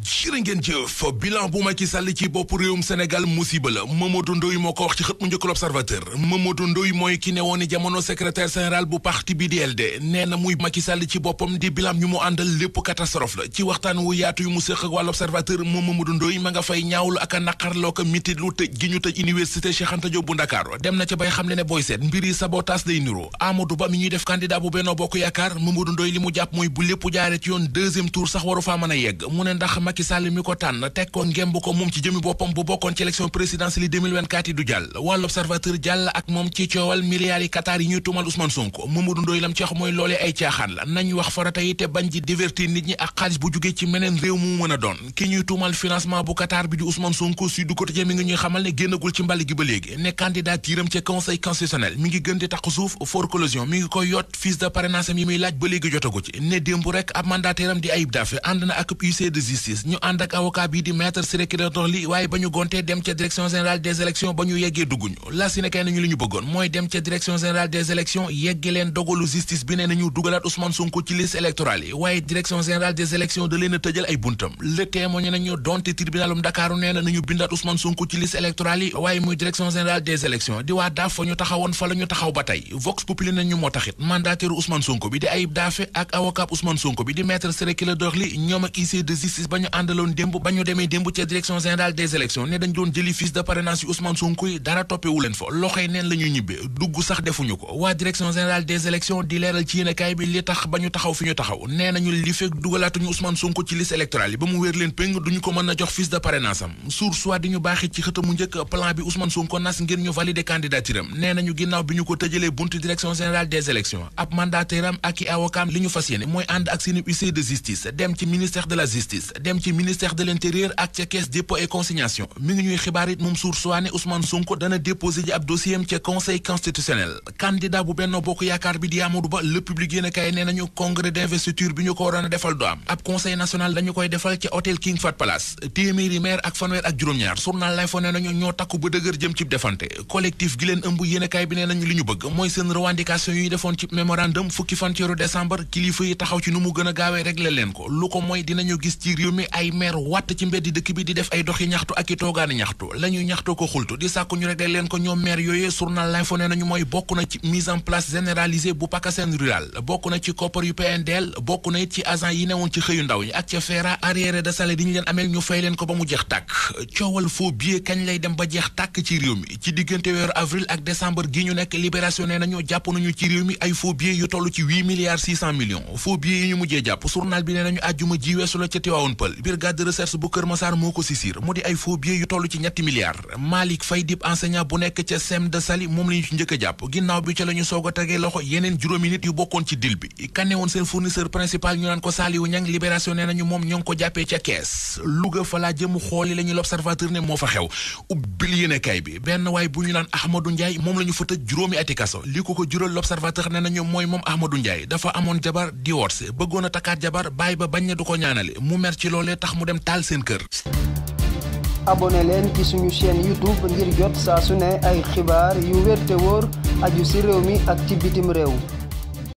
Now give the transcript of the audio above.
jërë ngeen jëf bilan bu Macky sàll ci bopp réewum Sénégal musiba la Mamadou Ndoye moo ko wax ci xët mu njëkk l'Observateur Mamadou Ndoye mooy ki ne jamono secrétaire général bu parti bi di LD nee na muy Macky Sall ci boppam di bilan ñu mu àndal lépp catastrophe la ci waxtaan wu yaatu yu mu séq ak wàll Observateur moom Mamadou Ndoye ma nga fay ñaawlu ak a naqarloo ko mitit lu tëj gi ñu tëj université Cheikh Anta Diop bu Ndakaaru dem na ca bay xam le ne booy seet mbir yi sabotage day niro Amadou Ba mi ñuy def candidat bu Benno Bokk Yaakaar Mamadou Ndoye li mu jàpp mooy bu lépp jaare ci yoon deuxième tour sax waru faa mën a yegg mu ne ndax Macky Sall mi ko tànn teg ko ngemb ko moom ci jëmi boppam bu bokkoon ci élection présidentielle yi 2024 yi du jàll wàllu observateur jàll ak moom ci coowal milliards yi Qatar yi ñuy tumal Ousmane Sonko Mamadou Ndoye lam ci wax mooy loolee ay caaxaan la nañ wax farata yi te bañ ji divertir nit ñi ak xaalis bu jugee ci meneen réew mu mën a doon ki ñuy tuumal financement bu Qatar bi di Ousmane Sonko su du côté mi ngi ñuy xamal ne génnagul ci mbàll gi ba mi ngi gën di taq suuf for collusion laaj ba léegi jotagu ci ne démb rek ñu ànd ak avocat bi di maître Ciré Clédor Ly ba ñu gontee dem ca direction générale des élections ba ñu yeggee dugguñu la nañu li bëggoon mooy dem ca direction générale des élections yeggee leen dogalu justice bi ne nañu dugalaat Ousmane Sonko ci liste électorale yi waaye direction générale des élections da di waa daaf fa ñu taxawoon fa la taxaw ba tey Vox Populi nañu moo taxit mandataire Ousmane ñu àndaloon démb ba ñu demee démb ca direction générale des élections ne dañ doon jëli fiche de parrainage yu Ousmane Sonko yi dara toppewu leen fa loxoy neen la ñuy ñibbee dugg sax defuñu ko waa direction générale des élections di leeral ci yéenekaay bi li tax ba ñu taxaw fi ñu taxaw nee nañu li fekk dugalaatuñu Ousmane Sonko ci liste électorale yi ba mu wéer leen péng duñu ko mën a jox fiche de parrainage am sour soit di ñu baaxit ci xëtamu njëkk plan bi Ousmane Sonko nas ngir ñu valider candidature am nee bi ñu ko tëjalee buntu direction générale des élections ab mandataire am ak i ñu fas yéene mooy ànd ak seeni huissier de dem ci ministère de la justice dem ci ministère de l'intérieur ak ca caisse dépôt et consignation mi ngi ñuy xibaar it moom suur suwaane Ousmane dana déposé ji ab dossier ca conseil constitutionnel candidat bu Benno Bokk Yaakaar bi di Amadou Ba le public nee nañu congrès d'investiture bi ñu ko waroon defal do am ab conseil national dañu koy defal ca hôtel King Fahd Palace téeméeri maire ak fanweer ak juróom-ñaar journal lay fa nee nañu ñoo takku ba dëgër jëm ci defante réew mi ay maire wàtt ci mbeddi dëkk bi di def ay doxi ñaxtu ak i toogaani ñaxtu la ñuy ñaxtoo ko xultu di sàkku ñu régler leen ko ñoo maire yooyee journal l'info ne nañu mooy bokk na ci mise en place généralisée bu PACASEN rural bokk na ci koppar yu PNDL bokk na it ci agent yi newoon ci xëyu ndaw ñi ak ca feera de ñu leen ameel ñu fay leen ko ba mu jeex tàkk coowal faux billet kañ lay dem ba jeex tàkk ci réew mi ci diggante weeru avril ak décembre gi ñu nekk liberation ne nañu jàpp nañu ci réew mi toll ci 8 milliards 600 millions faux billets yi ñu mujjee jàpp ne nañu àjjuma ji weesu la people brigade de recherche bu Kër Massar moo ko sisir mu di ay faux billets yu toll ci ñetti milliards Malick Faye dib enseignant bu nekk ca sem de Saly moom la ci njëkk a jàpp ginnaaw bi ca la ñu tegee loxo yeneen juróomi nit yu bokkoon ci dil bi kanne seen fournisseur principal ñu naan ko Saliou Niang libération nee nañu moom ñoo ko jàppee ca kees Louga fa laa xooli la ñuy ne moo fa xew ubbil yéenekaay bi benn waay bu ñu naan Ahmadou Ndiaye moom la ñu fa tëj juróomi ati kaso mooy moom Ahmadou Ndiaye dafa amoon loolee tax mu dem taal seen kër. leen ci suñu chaîne youtube ngir jot saa su ne ay xibaar yu wér te wóor aju ci réew mi ak ci bitim réew.